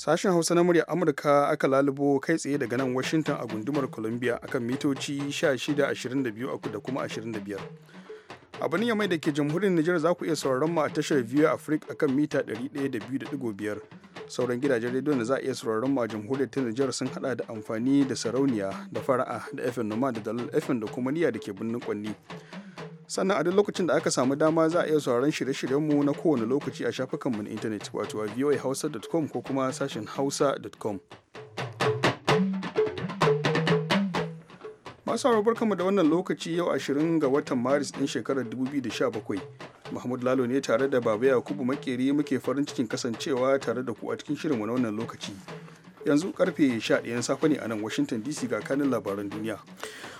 Sashen Hausa na murya Amurka aka lalubo kai tsaye daga nan Washington a gundumar Columbia akan mitoci 16-22 da kuma 25. A birnin Yamai da ke jamhuriyar Nijar za ku iya sauraron mu a tashar View Africa akan mita 102.5. Sauran gidajen rediyo da za a iya sauraron mu a jamhuriyar ta Nijar sun hada da amfani da sarauniya da fara'a da FM Noma da Dalal FM da kuma niyya da ke birnin Kwanni. sannan a duk lokacin da aka samu dama za a iya sauraron shirye-shiryenmu na kowane lokaci a shafukanmu na intanet wato a voahausa.com ko kuma sashen hausa.com masu harabar mu da wannan lokaci yau 20 ga watan maris din shekarar 2017 mahmud lalo ne tare da baba yakubu makeri muke farin cikin kasancewa tare da ku a cikin shirin na wannan lokaci yanzu karfe 11 safe ne a nan washington dc ga kanin labaran duniya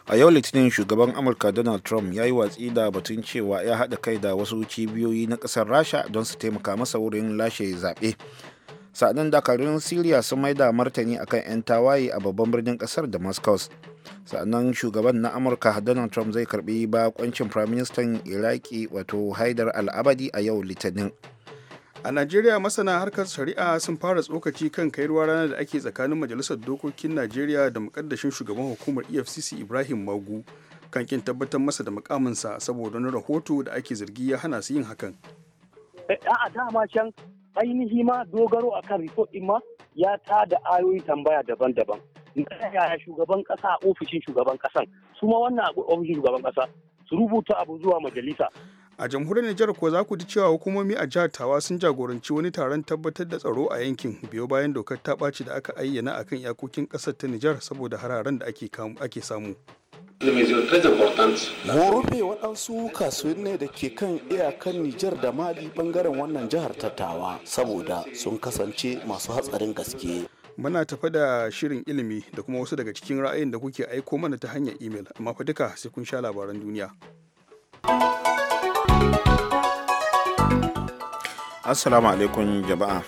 a yau litinin shugaban amurka donald trump ya yi watsi da batun cewa ya haɗa kai da wasu cibiyoyi na ƙasar rasha don su taimaka masa wurin lashe zaɓe sa'adun dakarun siriya sun maida martani akan 'yan tawaye a babban birnin ƙasar damascus sa'anan shugaban na amurka donald trump zai karbi bakoncin firaministan iraki wato haidar al'abadi a yau litinin a najeriya masana harkar shari'a sun fara tsokaci kan kai ruwa ranar da ake tsakanin majalisar dokokin najeriya da mukaddashin shugaban hukumar efcc ibrahim magu kan kin tabbatar masa da mukaminsa saboda wani rahoto da ake zargi ya hana su yin hakan eh, a'a dama can ainihi ma dogaro a kan din ma ya ta da ayoyi tambaya daban-daban yaya shugaban kasa a ofishin shugaban kasan su ma wannan ofishin shugaban kasa su rubuta abu zuwa majalisa a jamhuriyar Nijar ko za ku ji cewa hukumomi a jihar Tawa sun jagoranci wani taron tabbatar da tsaro a yankin biyo bayan dokar ta ɓaci da aka ayyana akan iyakokin ƙasar ta Nijar saboda hararen da ake ake samu. Horo waɗansu waɗansu kasuwanni da ke kan iyakar Nijar da Mali bangaren wannan jihar Tattawa saboda sun kasance masu hatsarin gaske. Muna tafa da shirin ilimi da kuma wasu daga cikin ra'ayin da kuke aiko mana ta hanyar imel amma fa duka sai kun sha labaran duniya. Assalamu alaikum jama'a.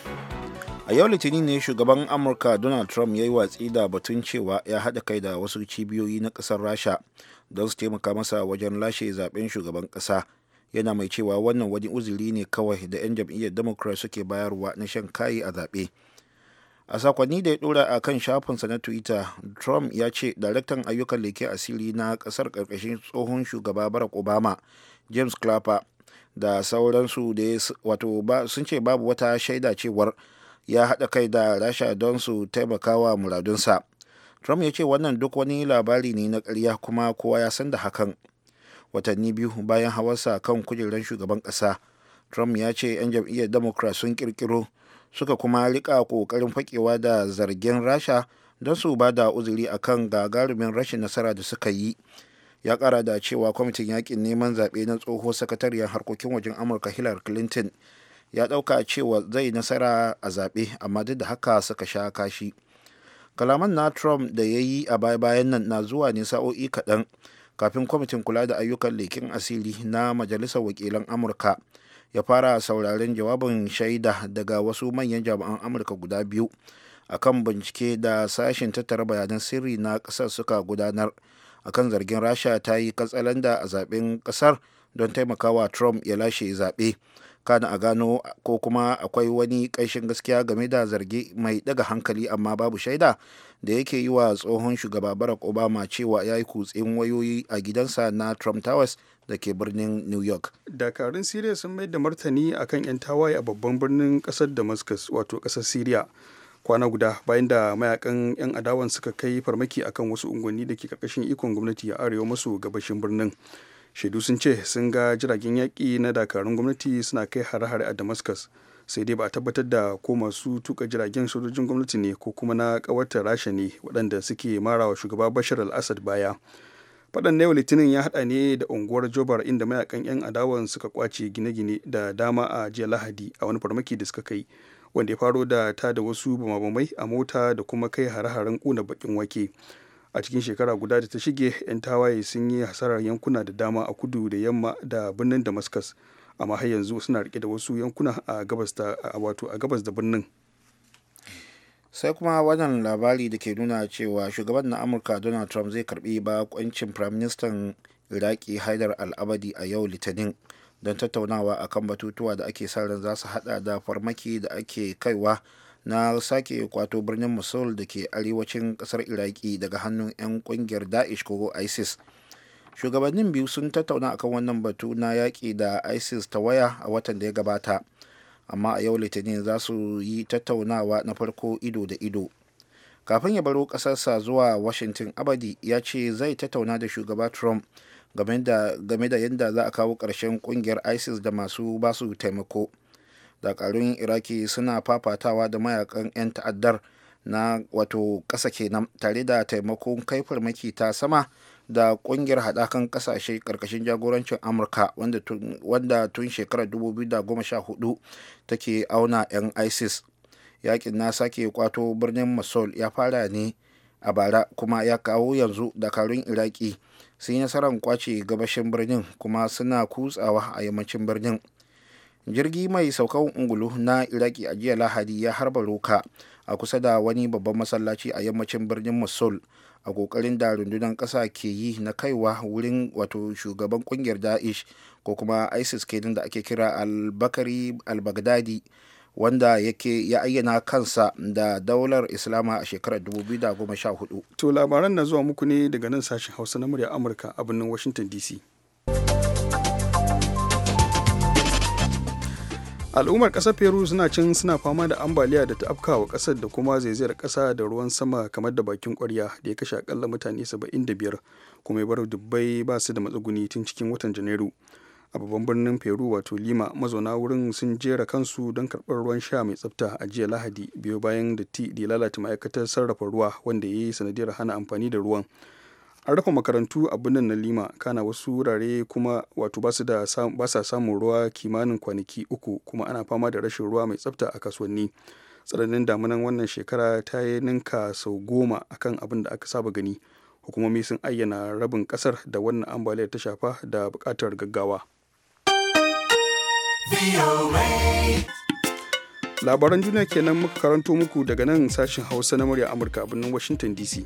A yau litini ne shugaban Amurka Donald Trump ya yi watsi da batun cewa ya haɗa kai da wasu cibiyoyi na ƙasar Rasha don su taimaka masa wajen lashe zaɓen shugaban ƙasa. Yana mai cewa wannan wani uzuri ne kawai da 'yan jam'iyyar Democrat suke bayarwa na shan kayi a zaɓe. A sakonni da ya ɗora a kan shafinsa na Twitter, Trump ya ce daraktan ayyukan leke asiri na ƙasar ƙarƙashin tsohon shugaba Barack Obama, James Clapper, da sauransu da wato sun ce babu wata shaida cewar ya haɗa kai da rasha don su taimaka wa muradunsa trump ya ce wannan duk wani labari ne na ƙarya kuma kowa ya san da hakan watanni biyu bayan hawarsa kan kujerar shugaban ƙasa trump ya ce 'yan jam'iyyar democrat sun kirkiro suka kuma rika ƙoƙarin fakewa da zargin rasha don su ba da uzuri akan gagarumin rashin nasara da suka yi ya kara da cewa kwamitin yakin neman zaɓe na tsoho sakatariyar harkokin wajen amurka hillary clinton ya ɗauka cewa zai nasara a zaɓe amma duk da haka suka sha kashi kalaman na trump da ya yi a baya-bayan nan na zuwa ne sa'o'i kaɗan kafin kwamitin kula da ayyukan lekin asiri na majalisar wakilan amurka ya fara sauraren jawabin shaida daga wasu manyan jami'an amurka guda biyu akan bincike da sashen tattara bayanan sirri na ƙasar suka gudanar akan zargin rasha ta yi katsalanda a zaben kasar don taimakawa trump ya lashe zaɓe kana a gano ko kuma akwai wani ƙanshin gaskiya game da zargi mai daga hankali amma babu shaida da yake yi wa tsohon shugaba barack obama cewa ya yi kutsin wayoyi a gidansa na trump towers da ke birnin new york dakarun siriya sun mai da martani akan 'yan tawaye a babban birnin ƙasar damascus wato ƙasar siriya kwana guda bayan da mayakan 'yan adawan suka kai farmaki akan wasu unguwanni da ke karkashin ikon gwamnati a arewa maso gabashin birnin shaidu sun ce sun ga jiragen yaƙi na dakarun gwamnati suna kai hare-hare a damascus sai dai ba a tabbatar da ko masu tuka jiragen sojojin gwamnati ne ko kuma na kawarta rasha ne waɗanda suke marawa shugaba bashar al-assad baya faɗan na litinin ya haɗa ne da unguwar jobar inda mayakan 'yan adawan suka kwace gine-gine da dama a jiya lahadi a wani farmaki da suka kai wanda ya faro da ta da wasu bamabamai a mota da kuma kai hare-haren kuna bakin wake a cikin shekara guda da ta shige 'yan tawaye sun yi hasarar yankuna da dama a kudu da yamma da birnin damascus amma har yanzu suna rike da wasu yankuna a gabas da wato a gabas da birnin sai kuma wannan labari da ke nuna cewa shugaban na amurka donald trump zai karbi bakoncin prime minister iraki haidar al'abadi a yau litinin don tattaunawa akan batutuwa da ake sa ran za su hada da farmaki da ake kaiwa na sake kwato birnin musul da ke arewacin kasar iraki daga hannun 'yan kungiyar daesh ko isis shugabannin biyu sun tattauna akan wannan batu na yaƙi da isis ta waya a watan da ya gabata amma a yau litinin za su yi tattaunawa na farko ido da ido kafin ya baro ƙasarsa zuwa washington abadi ya ce zai tattauna da shugaba trump game da yadda za a kawo ƙarshen ƙungiyar isis da masu basu taimako dakarun iraki suna fafatawa da mayakan 'yan ta'addar na wato ƙasa kenan tare da taimakon kai farmaki ta sama da ƙungiyar haɗakan ƙasashe ƙarƙashin jagorancin amurka wanda tun shekarar 2014 take auna 'yan isis yakin na sake kwato birnin masol ya fara ne a bara kuma ya kawo yanzu dakarun iraki sun yi nasarar kwace gabashin birnin kuma suna kutsawa a yammacin birnin jirgi mai saukan ungulu na iraki a jiya lahadi ya harba roka a kusa da wani babban masallaci a yammacin birnin mosul a kokarin da rundunar ƙasa ke yi na kaiwa wurin wato shugaban kungiyar da'ish ko kuma isis kenan da ake kira al-bakari al-baghdadi al bakari al baghdadi wanda yake ya ayyana kansa da daular islama a shekarar 2014 to labaran na zuwa muku ne daga nan sashen hausa na murya amurka a birnin washington dc al'ummar ƙasar peru suna cin suna fama da ambaliya da ta afkawa kasar da kuma zaizayar kasa da ruwan sama kamar da bakin kwarya da ya kashe akalla mutane 75 kuma ya bar dubbai ba su da matsuguni tun cikin watan janairu a babban birnin peru wato lima mazauna wurin sun jera kansu don karbar ruwan sha mai tsafta a jiya lahadi biyu bayan da ti da lalata ma'aikatar sarrafa ruwa wanda ya yi sanadiyar hana amfani da ruwan an rufe makarantu a birnin na lima kana wasu wurare kuma wato ba sa samun ruwa kimanin kwanaki uku kuma ana fama da rashin ruwa mai tsafta a kasuwanni tsananin damunan wannan shekara ta yi ninka sau goma akan abin da aka saba gani hukumomi sun ayyana rabin kasar da wannan ambaliyar ta shafa da bukatar gaggawa Labaran duniya kenan muka karanto muku daga nan sashen Hausa na murya Amurka a birnin Washington DC.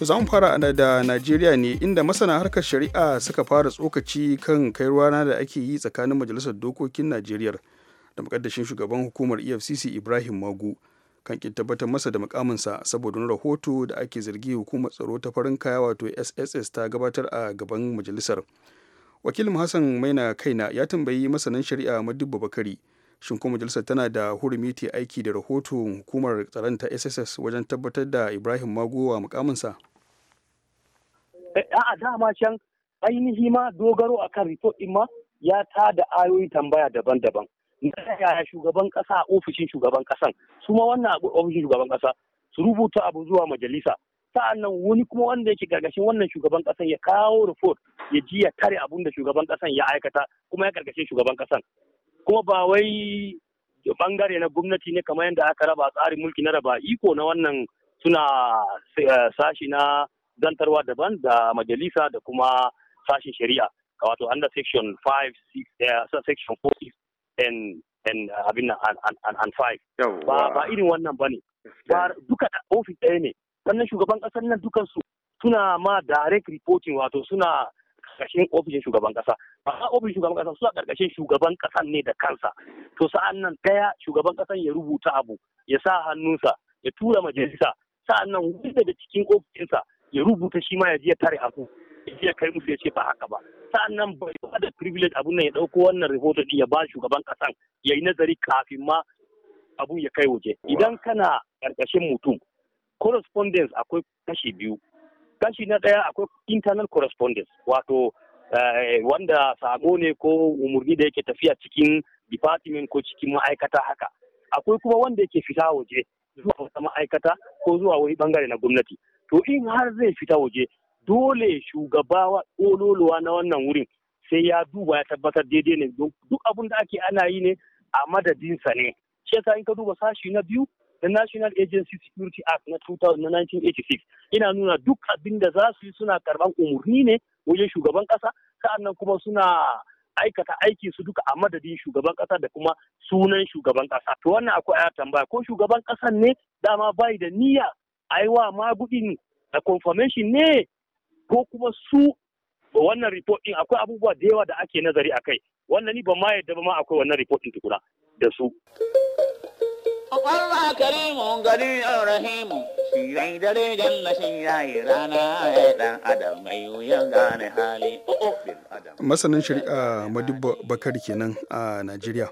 Ku za mu fara da Najeriya ne inda masana harkar shari'a suka fara tsokaci kan kai rana da ake yi tsakanin Majalisar Dokokin Najeriya da makaddashin shugaban hukumar EFCC Ibrahim Magu kan ƙin tabbatar masa da mukaminsa saboda wani rahoto da ake zargi hukumar tsaro ta farin kaya wato SSS ta gabatar a gaban majalisar. wakilin hassan maina kaina ya tambayi masanin shari'a madu bakari shin kuma majalisar tana da hurumi ta aiki da rahoton hukumar tsaron ta sss wajen tabbatar da ibrahim magowa mukaminsa eh, a dama can ainihi ma dogaro kan report din ma ya ta da ayoyi tambaya daban-daban na yaya shugaban kasa ofishin shugaban kasan su ma wannan ofishin shugaban kasa su rubuta abu zuwa majalisa nan wani kuma wanda yake gargashin wannan shugaban kasan ya kawo report ya ji ya tare abun da shugaban kasan ya aikata kuma ya gargashe shugaban kasan kuma ba wai bangare na gwamnati ne kamar yadda aka raba tsarin mulki na raba iko na wannan suna eh, sashi na zantarwa daban da majalisa da kuma sashin shari'a wato under section 5 eh, section 4 and and 5 ba irin wannan bane duka ofis ɗaya ne sannan shugaban ƙasar nan dukansu suna ma direct reporting wato suna karkashin ofishin shugaban kasa ba ofishin shugaban kasa suna karkashin shugaban kasan ne da kansa to sa'an nan daya shugaban kasan ya rubuta abu ya sa hannunsa ya tura majalisa sa'an nan wani daga cikin ofishinsa ya rubuta shi ma ya je ya tare abu ya je ya kai musu ya ce ba haka ba sa'an nan bai ba da privilege abun nan ya dauko wannan report din ya ba shugaban kasan ya yi nazari kafin ma abun ya kai waje idan kana karkashin mutum correspondence akwai kashi biyu kashi na ɗaya akwai internal correspondence wato eh, wanda sago ne ko umarni da yake tafiya cikin department ko cikin ma'aikata haka akwai kuma wanda yake fita waje zuwa wata ma'aikata ko zuwa wani bangare na gwamnati to in har zai fita waje dole shugaba ololowa na wannan wurin sai ya duba ya tabbatar daidai ne duk abin da ake ana yi ne a madadinsa ne shi yasa in ka duba sashi na biyu da National Agency Security Act na 1986 ina nuna duk abin da za su yi suna karban umarni ne wajen shugaban kasa sa'annan kuma suna aikata aiki su duka a madadin shugaban kasa da kuma sunan shugaban kasa to wannan akwai a tambaya ko shugaban kasan ne dama bai da niyya aiwa magudin da confirmation ne ko kuma su wannan report din akwai abubuwa da yawa da ake nazari akai wannan ni ba ma yadda ba ma akwai wannan report din tukuna da su Allah karimu gari rahimu shirai dare janna shirai rana ya adam mai gane hali masanin shari'a Madubba bakar kenan a najeriya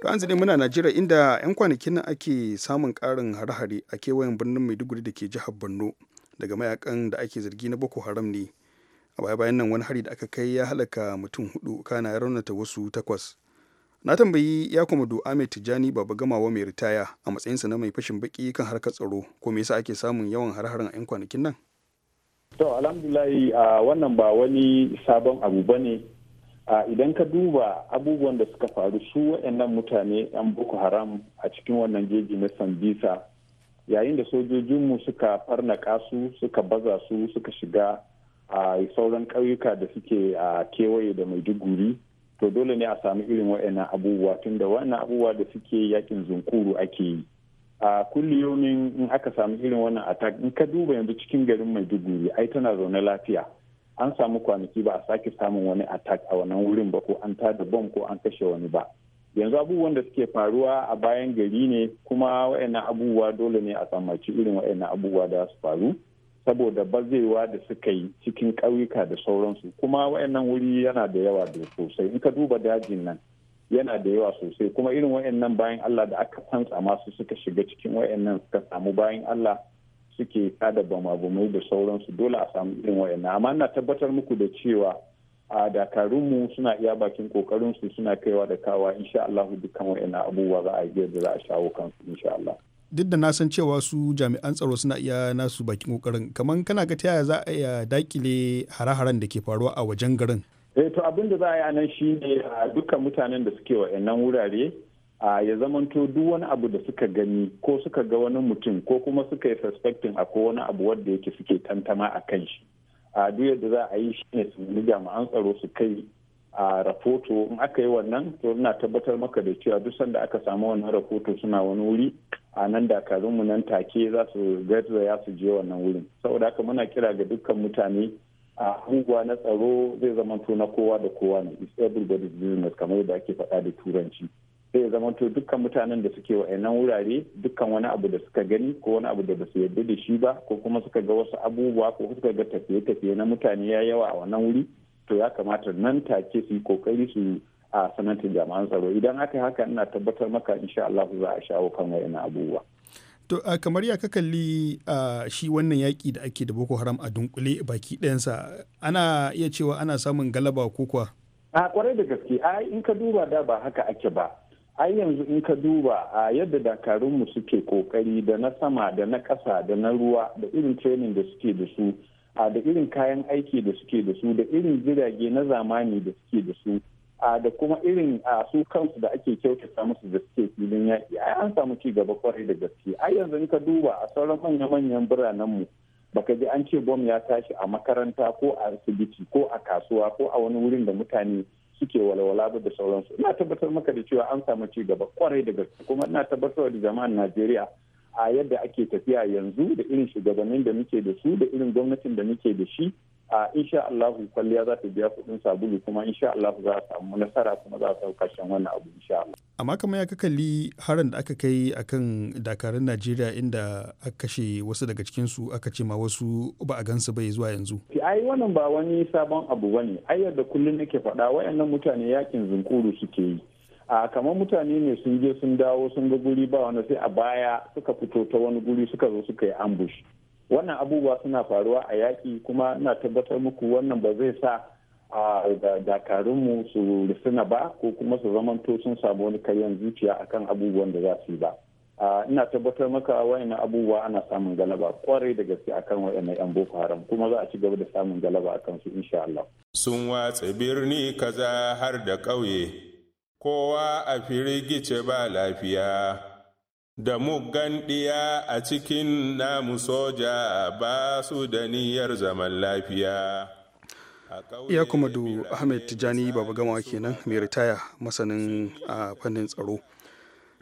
to an zane muna najeriya inda 'yan kwanakin nan ake samun karin hare-hare a kewayen birnin maiduguri da ke jihar borno daga mayakan da ake zargi na boko haram ne a baya bayan nan wani hari da aka kai ya halaka mutum hudu kana ya raunata wasu takwas na tambayi ya kuma do ahmed tijani baba gamawa mai ritaya a matsayinsa na mai fashin baki kan harkar tsaro ko me yasa ake samun yawan har-haren a 'yan kwanakin nan to alhamdulahi a wannan ba wani sabon abu ba ne idan ka duba abubuwan da suka faru su waɗannan mutane 'yan boko haram a cikin wannan jeji na sambisa yayin da sojojinmu suka farnaka su suka baza su suka shiga a sauran ƙauyuka da suke a kewaye da maiduguri to dole ne a samu irin wa'annan abubuwa tunda wannan abubuwa da suke yakin zunkuru ake yi a kulli yomin in aka samu irin wannan attack in ka duba yanzu cikin garin maiduguri ai tana zaune lafiya an samu kwanaki ba a sake samun wani attack a wannan wurin ba ko an tada bom ko an kashe wani ba yanzu abubuwan da suke faruwa a bayan gari ne kuma wa'annan abubuwa dole ne a samaci irin wa'annan abubuwa da su faru saboda bazewa da suka yi cikin ƙauyuka da sauransu kuma wayannan wuri yana da yawa da sosai in ka duba dajin nan yana da yawa sosai kuma irin wayannan bayan Allah da aka tantsa masu suka shiga cikin wayannan suka samu bayan Allah suke tada bamabumai da sauransu dole a samu irin wayannan amma ina tabbatar muku da cewa a dakarunmu suna iya bakin kokarinsu suna kaiwa da kawa insha Allah dukkan wayannan abubuwa za a yi da za a shawo kansu insha Allah duk da na san cewa su jami'an tsaro suna iya nasu bakin kokarin kamar kana ga ta yaya za a iya dakile hare-haren da ke faruwa a wajen garin eh to abin da za a yi anan shine dukkan mutanen da suke wa nan wurare ya zamanto duk wani abu da suka gani ko suka ga wani mutum ko kuma suka yi a akwai wani abu wanda yake suke tantama a kan shi a duk yadda za a yi shine su jami'an tsaro su kai a rahoto in aka yi wannan to ina tabbatar maka da cewa duk sanda aka samu wannan rahoto suna wani wuri a nan mu nan take za su ya su je wannan wurin saboda haka muna kira ga dukkan mutane a hanguwa na tsaro zai zamanto na kowa da kowa ne it's everybody's business kamar yadda ake faɗa da turanci zai zamanto dukkan mutanen da suke wa'annan wurare dukkan wani abu da suka gani ko wani abu da basu yarda da shi ba ko kuma suka ga wasu abubuwa ko suka ga tafiye-tafiye na mutane ya yawa a wannan wuri to ya kamata nan take su yi kokari su a sanatar jami'an tsaro idan aka haka ina tabbatar maka insha Allah za a shawo kan wayannan abubuwa to uh, kamar ya kakalli kalli uh, shi wannan yaƙi da ake da boko haram a dunkule baki ɗayansa ana iya cewa ana samun galaba ko kuwa a kwarai da gaske a in ka duba da ba haka ake ba ai yanzu in ka duba a yadda dakarunmu suke kokari da na sama da na ƙasa da na ruwa da irin training da suke da su da irin kayan aiki da suke da su da irin jirage na zamani da suke da su da kuma irin su kansu da ake kyautata musu da suke filin yaƙi ai an samu ci gaba kwarai da gaske ai yanzu in ka duba a sauran manya-manyan biranen mu baka ji an ce bom ya tashi a makaranta ko a asibiti ko a kasuwa ko a wani wurin da mutane suke walwala da sauransu ina tabbatar maka da cewa an samu ci gaba kwarai da gaske kuma ina tabbatar da jama'an najeriya a yadda ake tafiya yanzu da irin shugabannin da muke da su da irin gwamnatin da muke da shi a insha Allah kwalliya za ta biya kuɗin sabulu kuma insha Allah za a samu nasara kuma za a samu ƙarshen wannan abu insha Allah. Amma kamar ya kakalli harin da aka kai akan dakarun Najeriya inda aka kashe wasu daga cikin su aka ce ma wasu ba a gansu bai zuwa yanzu. Ai wannan ba wani sabon abu bane. Ai yadda kullum nake faɗa wayannan mutane yakin zunkuru suke yi. a kamar mutane ne sun je sun dawo sun ga guri ba wani sai a baya suka fito ta wani guri suka zo suka yi ambush wannan abubuwa suna faruwa a yaƙi kuma ina tabbatar muku wannan ba zai sa a dakarunmu su rusuna ba ko kuma su zamanto sun samu wani karyan zuciya akan abubuwan da za su yi ba ina tabbatar maka wayannan abubuwa ana samun galaba kwarai da gaske akan wayannan yan boko haram kuma za a ci gaba da samun galaba akan su insha Allah sun watsa birni kaza har da ƙauye kowa a firigice ba lafiya da muggan a cikin namu soja ba su da niyyar zaman lafiya. Ya kuma du Ahmed Tijani Baba Gama kenan mai ritaya masanin a fannin tsaro.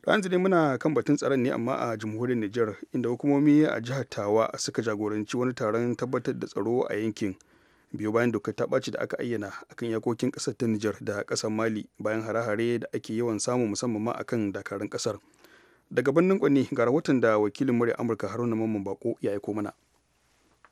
Ranzu ne muna kan batun tsaron ne amma a jamhuriyar Nijar inda hukumomi a jihar Tawa suka jagoranci wani taron tabbatar da tsaro a yankin. biyu bayan dokar ta ɓaci da aka ayyana akan yakokin ƙasar ta Nijar da ƙasar Mali bayan hare-hare da ake yawan samu musamman ma akan dakarun ƙasar. daga birnin kwanni ga rahoton da wakilin murya amurka haruna mamman bako ya aiko mana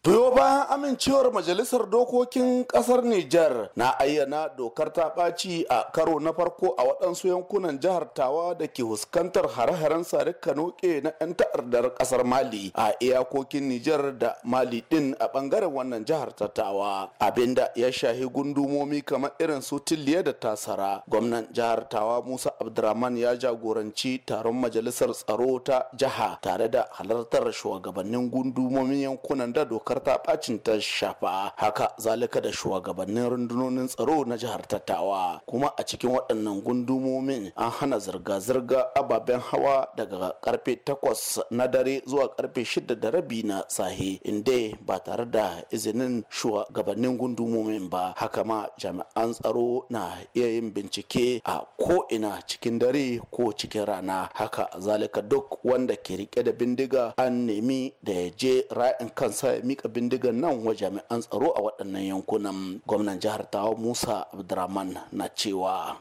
biyo bayan amincewar majalisar dokokin kasar Nijar na ayyana dokar ta ɓaci a karo na farko a waɗansu yankunan jihar Tawa da ke huskantar hare-haren sare kanoke na 'yan ta'addar kasar Mali a iyakokin Nijar da Mali din a ɓangaren wannan jihar ta Tawa abinda ya shahi gundumomi kamar irin su Tiliya da Tasara gwamnan jihar Tawa Musa Abdurrahman ya jagoranci taron majalisar tsaro ta jiha tare da halartar shugabannin gundumomin yankunan da doka dokar ta bacin ta shafa haka zalika da shugabannin rundunonin tsaro na jihar tattawa kuma a cikin waɗannan gundumomin an hana zirga-zirga ababen hawa daga karfe takwas na dare zuwa karfe shida da rabi na sahe inda ba tare da izinin shugabannin gundumomin ba haka ma jami'an tsaro na iya yin bincike a ko ina cikin dare ko cikin rana haka zalika duk wanda ke rike da bindiga an nemi da ya je ra'in kansa ya mika bindigan nan wa jami'an tsaro a waɗannan yankunan gwamnan jihar tawa musa abdurrahman na cewa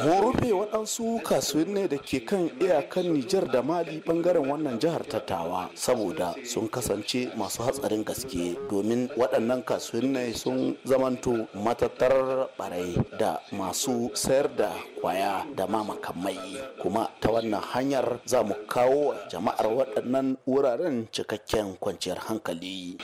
mu rufe waɗansu ne da ke kan iyakan nijar da mali bangaren wannan jihar ta tawa saboda sun kasance masu hatsarin gaske domin waɗannan ne sun zamanto matattarar barai da masu sayar da kwaya da ma makamai kuma ta wannan hanyar za mu kawo jama'ar waɗannan wuraren cikakken kwanciyar kwanciyar hankali.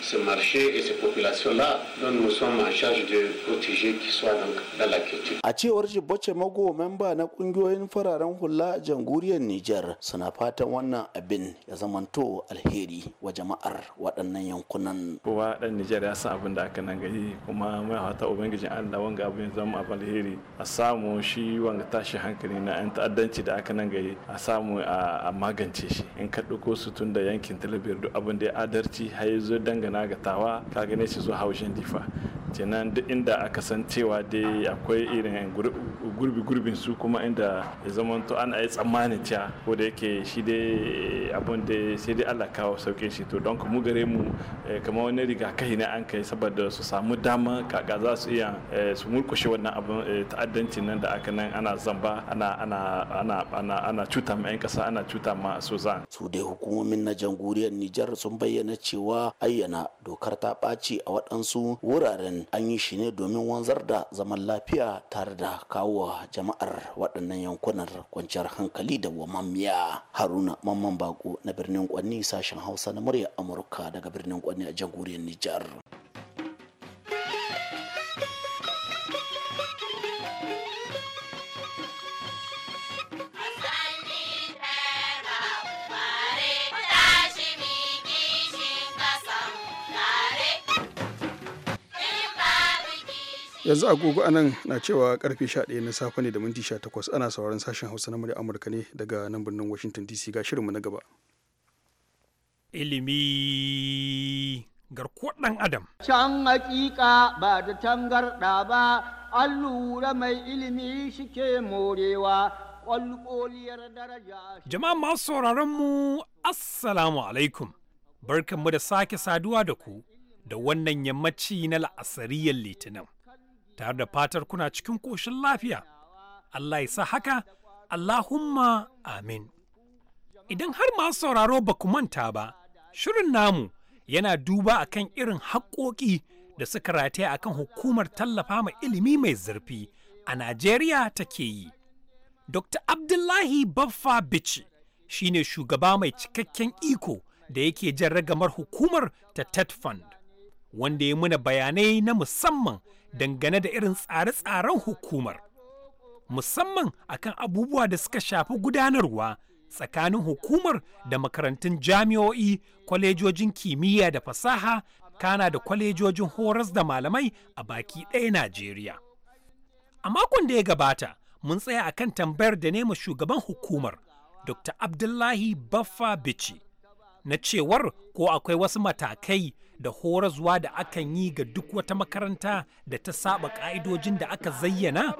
A cewar Jibbace Mago memba na kungiyoyin fararen hula a jamhuriyar Nijar suna fatan wannan abin ya zamanto alheri wa jama'ar waɗannan yankunan. Kowa ɗan Nijar ya san abin da aka nan gani kuma mai fata Ubangijin Allah wanga abin zama abin alheri a samu shi wanga tashi hankali na 'yan ta'addanci da aka nan gani a samu a magance shi in ka ɗauko su tun da yankin talabiyar duk abin da ya adalci lokaci har zo dangana ga tawa ka gane shi zo haushin difa kenan duk inda aka san cewa dai akwai irin gurbi gurbin su kuma inda ya to an ayi tsammani cewa ko da yake shi dai abun da sai dai Allah kawo sauke shi to don mu gare mu eh, kamar wani kai ne an kai saboda su samu dama kaka za su iya eh, su murkushe wannan abun eh, ta'addancin nan da aka nan ana zamba ana ana ana ana ana cuta ma 'yan kasa ana cuta ma su dai hukumomin na jamhuriyar Nijar sun bayyana cewa ayyana dokar ta ɓaci a waɗansu wuraren an yi shi ne domin wanzar da zaman lafiya tare da kawo jama'ar waɗannan yankunan kwanciyar hankali da wamammiya haruna mamman bako na birnin kwanni sashen hausa na murya amurka daga birnin kwanni a jamhuriyar nijar yanzu agogo anan na cewa karfe 11 na safe ne da minti 18 ana sauran sashen hausa na murya amurka ne daga nan birnin washington dc ga shirinmu na gaba ilimi garkuwar ɗan adam can hakika ba da tangarɗa ba an lura mai ilimi shike morewa daraja Jama'a masu sauraron mu Assalamu alaikum, barkanmu da sake saduwa da ku da wannan yammaci na la'asariyar Litinin. tare da fatar kuna cikin ƙoshin lafiya. Allah ya sa haka, Allahumma amin. Idan har masu sauraro ba ku manta ba, shirin namu yana duba akan irin haƙoƙi da suka rataya akan hukumar tallafa ma ilimi mai zurfi a Najeriya take yi. Dr. Abdullahi Baffa Bichi shi ne shugaba mai cikakken iko da yake jan ragamar hukumar ta TED wanda ya muna bayanai na musamman dangane da irin tsare-tsaren hukumar musamman akan abubuwa da suka shafi gudanarwa tsakanin hukumar da makarantun jami'o'i kwalejojin kimiyya da fasaha kana da kwalejojin horas da malamai a baki ɗaya najeriya a makon da ya gabata mun tsaya akan tambayar da nema shugaban hukumar dr abdullahi baffa bici na cewar ko akwai wasu matakai da horaswa da akan yi ga duk wata makaranta da ta saba ƙa'idojin da aka zayyana?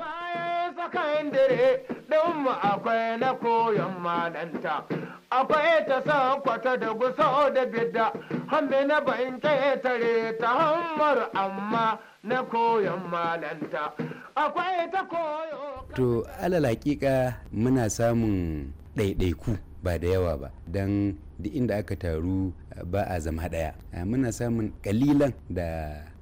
Sakayin dare ɗin akwai na koyon malanta, akwai ta san kwata da gusa da bidda, hambe na bayin ƙetare ta hammar amma na koyon malanta, akwai ta koyo. To, alal hakika muna samun ɗaiɗaiku ba da yawa ba, don da inda aka taru eh, ba a zama ɗaya eh, muna samun kalilan da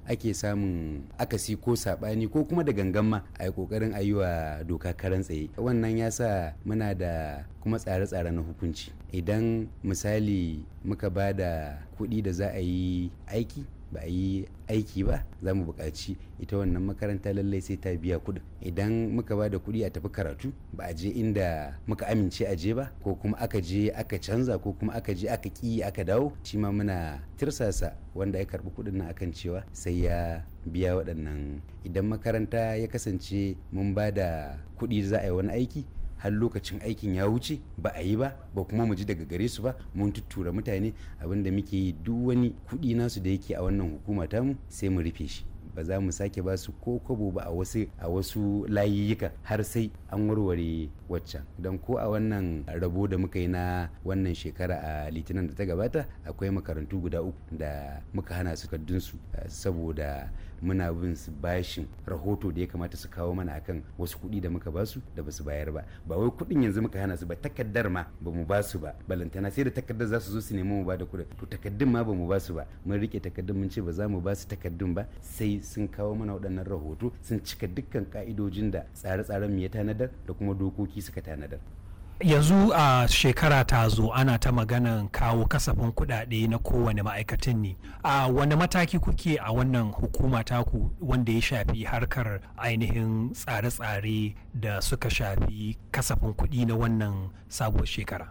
ake samun akasi ko sabani ko kuma da gangan ma a yi kokarin a wa doka karan tsaye wannan ya sa muna da kuma tsare-tsare na hukunci idan misali muka ba da kuɗi da za a yi aiki ba a yi aiki ba za mu buƙaci ita wannan makaranta lallai sai ta biya kuɗin idan muka ba da kuɗi a tafi karatu ba a je inda muka amince a je ba ko kuma aka je aka canza ko kuma aka je aka ƙi aka dawo shi ma muna tirsasa wanda ya karɓi kuɗin nan akan cewa sai ya biya waɗannan idan makaranta ya kasance mun ba da kuɗi za a yi wani aiki har lokacin aikin ya wuce ba a yi ba ba kuma mu ji daga gare su ba mun tuttura mutane abin da muke yi duk wani kuɗi nasu da yake a wannan hukuma mu sai mu rufe shi ba za mu sake ba su ko kwabo ba a wasu a wasu layiyyuka har sai an warware waccan don ko a wannan rabo da muka yi na wannan shekara a litinin da ta gabata akwai makarantu guda uku da muka hana su su eh, saboda muna bin su bashin rahoto da ya kamata su kawo mana akan wasu kuɗi da muka basu da basu bayar ba ba wai kuɗin yanzu muka hana su ba takaddar ma ba mu basu ba balantana sai da takaddar za su zo su nemi mu ba da kuɗi to takaddun ma ba mu basu ba mun rike takaddun mun ce ba za mu basu takaddun ba sai sun kawo mana waɗannan rahoto sun cika dukkan ka'idojin da tsare-tsaren mu ya tanadar da kuma dokoki suka tanadar yanzu a shekara ta zo ana ta maganan kawo kasafin kudade na kowane ma'aikatan ne a wani mataki kuke a wannan hukuma taku wanda ya shafi harkar ainihin tsare-tsare da suka shafi kasafin kudi na wannan sabuwar shekara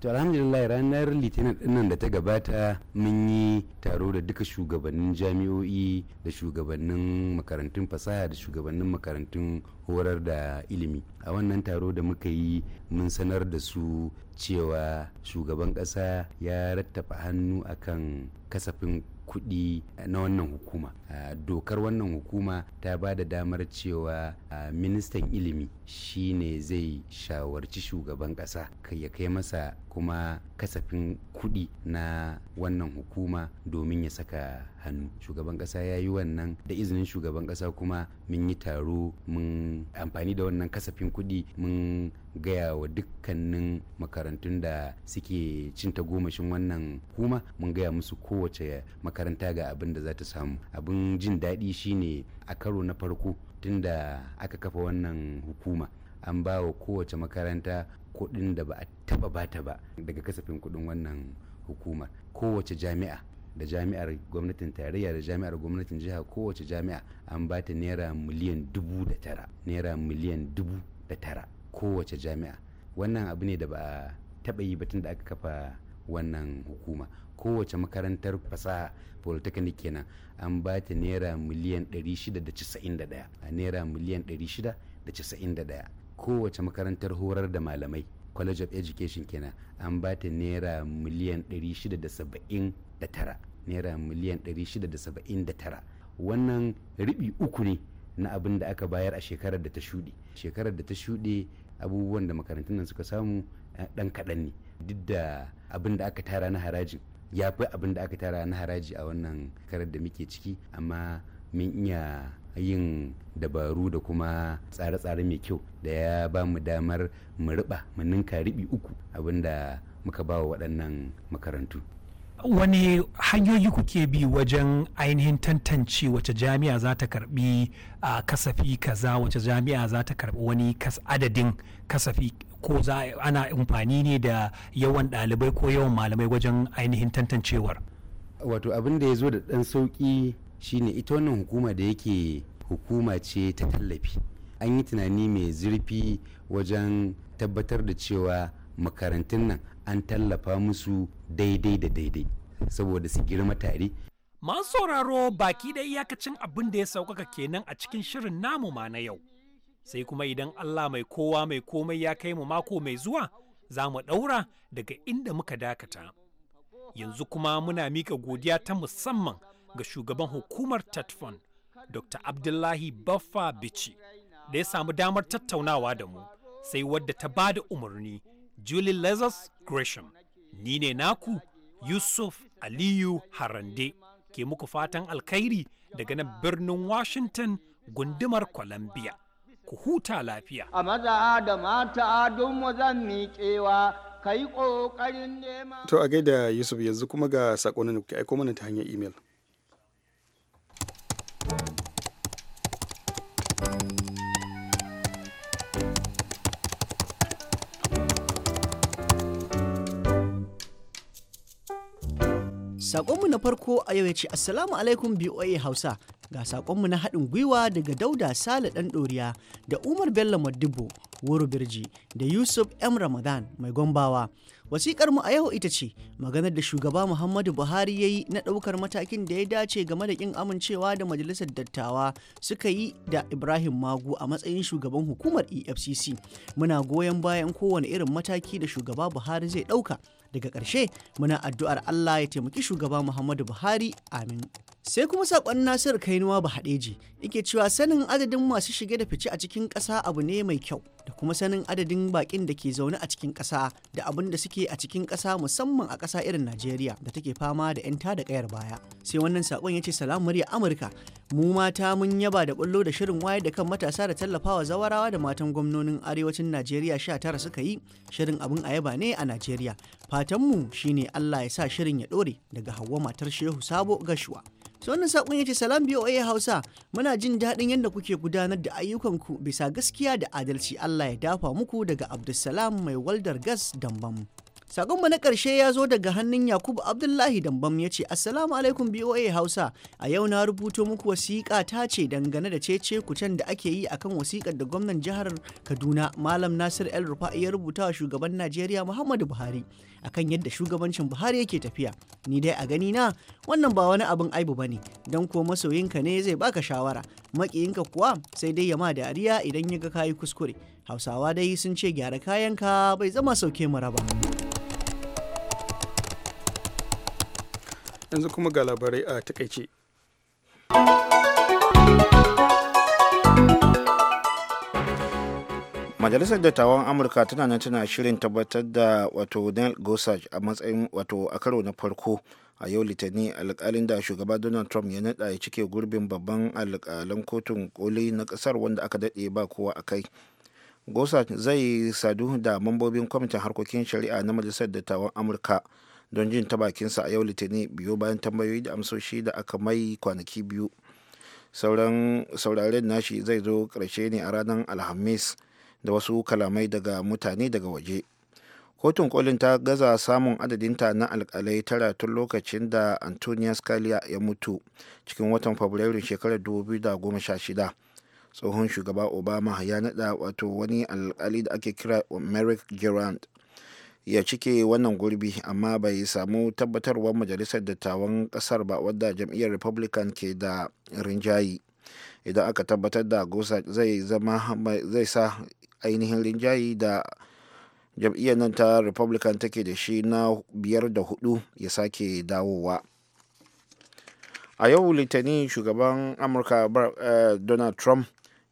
to alhamdulillah ranar litinin dinnan da ta gabata mun yi taro da duka shugabannin jami'o'i da shugabannin makarantun fasaha da shugabannin makarantun horar da ilimi a wannan taro da muka yi mun sanar da su cewa shugaban ƙasa ya rattafa hannu akan kasafin kuɗi eh, na wannan hukuma eh, dokar wannan hukuma ta ba da damar cewa eh, ministan ilimi shine zai shawarci shugaban ƙasa ya kai masa kuma kasafin kuɗi na wannan hukuma domin ya saka hannu shugaban ƙasa ya yi wannan da izinin shugaban ƙasa kuma mun yi taro mun amfani da wannan kasafin kuɗi mun gaya wa dukkanin makarantun da suke cin tagomashin wannan hukuma mun gaya musu kowace makaranta ga abin da za ta samu abin jin daɗi shine a karo na farko tunda aka kafa wannan hukuma an ba wa kowace makaranta kuɗin da ba a taɓa bata ba daga kasafin kuɗin wannan hukumar kowace jami'a da jami'ar gwamnatin tarayya da jami'ar gwamnatin jiha kowace jami'a an bata naira miliyan dubu da tara naira miliyan dubu da tara kowace jami'a wannan abu ne da ba a taba yi batun da aka kafa wannan hukuma kowace makarantar fasaha polytechnic kenan an ba ta naira miliyan 691 a naira miliyan 691 kowace makarantar horar da malamai college of education kenan an ba ta naira miliyan 679 naira miliyan 679 wannan ribi uku ne na abin da aka bayar a shekarar da ta shuɗe shekarar da ta shuɗe abubuwan da makarantun nan suka samu eh, ɗan kaɗan ne duk da abin da aka tara na harajin ya fi abin da aka tara na haraji a wannan karar da muke ciki amma mun iya yin dabaru da kuma tsare-tsare mai kyau da ya ba mu damar mu riba mu ninka ribi uku abinda muka ba wa waɗannan makarantu wani hanyoyi kuke bi wajen ainihin tantance wace jami'a za ta karbi a kasafi kaza wace jami'a za ta karbi wani adadin kasafi ko za ana amfani ne da yawan ɗalibai ko yawan malamai wajen ainihin tantancewar wato abin da ya zo da ɗan sauki. shine ita wannan hukuma da yake hukuma ce ta tallafi an yi tunani mai zurfi wajen tabbatar da cewa makarantun nan an tallafa musu daidai da daidai saboda su girma tare masu sauraro baki da iyakacin abin da ya sauƙaƙa kenan a cikin shirin namu ma na yau sai kuma idan Allah mai kowa mai komai ya kai mu mako mai zuwa za mu ɗaura daga inda muka dakata yanzu kuma muna mika godiya ta musamman ga shugaban hukumar tatfon dr abdullahi baffa bici da ya samu damar tattaunawa da mu sai wadda ta ba da umarni julie lazarus gresham ni ne naku yusuf aliyu harande ke muku fatan alkhairi daga nan birnin washington gundumar columbia ku huta lafiya a maza da mata don zan miƙewa kai ƙoƙarin nema to a gaida yusuf yanzu kuma ga saƙonin da kuke aiko mana ta hanyar imel Saƙonmu na farko a yau ya ce Assalamu alaikum BOA Hausa ga saƙonmu na haɗin gwiwa daga Dauda Sale ɗan ɗoriya da Umar Bello Madibo Wuru Birji da Yusuf M Ramadan mai gombawa. Wasiƙar mu a yau ita ce maganar da shugaba Muhammadu Buhari ya yi na ɗaukar matakin da ya dace game da ƙin amincewa da majalisar dattawa suka yi da Ibrahim Magu a matsayin shugaban hukumar EFCC. Muna goyon bayan kowane irin mataki da shugaba Buhari zai ɗauka daga ƙarshe muna addu'ar Allah ya taimaki shugaba Muhammadu Buhari amin sai kuma sakon Nasiru Kainuwa Bahadeji yake cewa sanin adadin masu shige da fice a cikin ƙasa abu ne mai kyau da kuma sanin adadin bakin da ke zaune a cikin ƙasa da abin da suke a cikin ƙasa musamman a ƙasa irin Najeriya da take fama da 'yan da ƙayar baya. Sai wannan saƙon ya ce salam murya Amurka mu mata mun yaba da bullo da shirin wayar da kan matasa da tallafawa zawarawa da matan gwamnonin arewacin Najeriya sha tara suka yi shirin abin ayaba ne a Najeriya. Fatanmu shine Allah ya sa shirin ya ɗore daga Hauwa matar Shehu Sabo Gashuwa. sai wannan sakon yace salam BOA Hausa muna jin daɗin yadda kuke gudanar da ayyukanku bisa gaskiya da adalci Allah ya dafa muku daga Abdulsalam mai waldar gas dambam. Sakonmu na ƙarshe ya zo daga hannun Yakubu Abdullahi Dambam ya ce, Assalamu alaikum BOA Hausa, a yau na rubuto muku wasiƙa ta ce dangane da cece kucen da ake yi akan wasiƙar da gwamnan jihar Kaduna, Malam Nasir El Rufa'i ya rubuta wa shugaban Najeriya Muhammadu Buhari. akan yadda shugabancin Buhari yake tafiya. Ni dai a gani na wannan ba wani abin aibu ba ne, don kuwa masoyinka ne zai baka shawara, maƙiyinka kuwa sai dai ya ma dariya idan ya ga kayi kuskure. Hausawa dai sun ce gyara kayanka bai zama sauke mara ba. Yanzu kuma ga labarai a takaice. majalisar dattawan amurka tana nan tana shirin tabbatar da wato neil gorsuch a matsayin wato a karo na farko a yau litani alkalin da shugaba donald trump ya nada ya cike gurbin babban alkalan kotun koli na kasar wanda aka dade ba kowa a kai gorsuch zai sadu da mambobin kwamitin harkokin shari'a na majalisar dattawan amurka don jin ta bakinsa a yau litani biyu bayan tambayoyi da amsoshi da aka mai kwanaki biyu sauran sauraren nashi zai zo karshe ne a ranar alhamis da wasu kalamai daga mutane daga waje kotun kolin ta gaza samun adadin ta na alkalai tara tun lokacin da antonio scalia ya mutu cikin watan Fabrairu shekarar 2016 tsohon shugaba obama ya nada wato wani alkali da ake kira merrick gerrard ya cike wannan gurbi amma bai samu tabbatarwar majalisar dattawan kasar ba wadda jam'iyyar republican ke da rinjayi idan aka tabbatar da gosa zai sa ainihin rinjayi da jam'iyyar nan ta republican take da shi na biyar da hudu ya sake dawowa a yau litani shugaban amurka uh, donald trump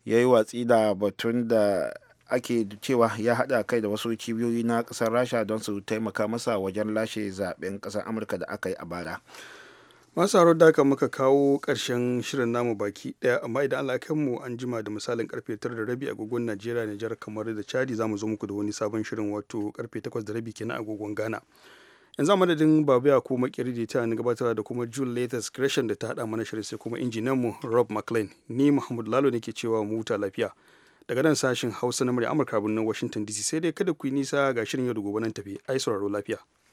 ya yi watsi da batun da ake cewa ya hada kai da wasu cibiyoyi na kasar rasha don su taimaka masa wajen lashe zaben kasar amurka da aka yi a bara masu haro da maka muka kawo karshen shirin namu baki ɗaya amma idan Allah kai mu an jima da misalin karfe 9 da rabi agogon Najeriya Nijar kamar da Chadi zamu zo muku da wani sabon shirin wato karfe 8 da rabi kenan agogon Ghana yanzu a madadin babu ya kuma kirji ta ni gabatar da kuma June Latest Creation da ta hada mana shirin sai kuma injinan mu Rob McLean ni Muhammad Lalo nake cewa mu huta lafiya daga nan sashin Hausa na murya Amurka birnin Washington DC sai dai kada ku yi nisa ga shirin yau da gobe nan tafi ai sauraro lafiya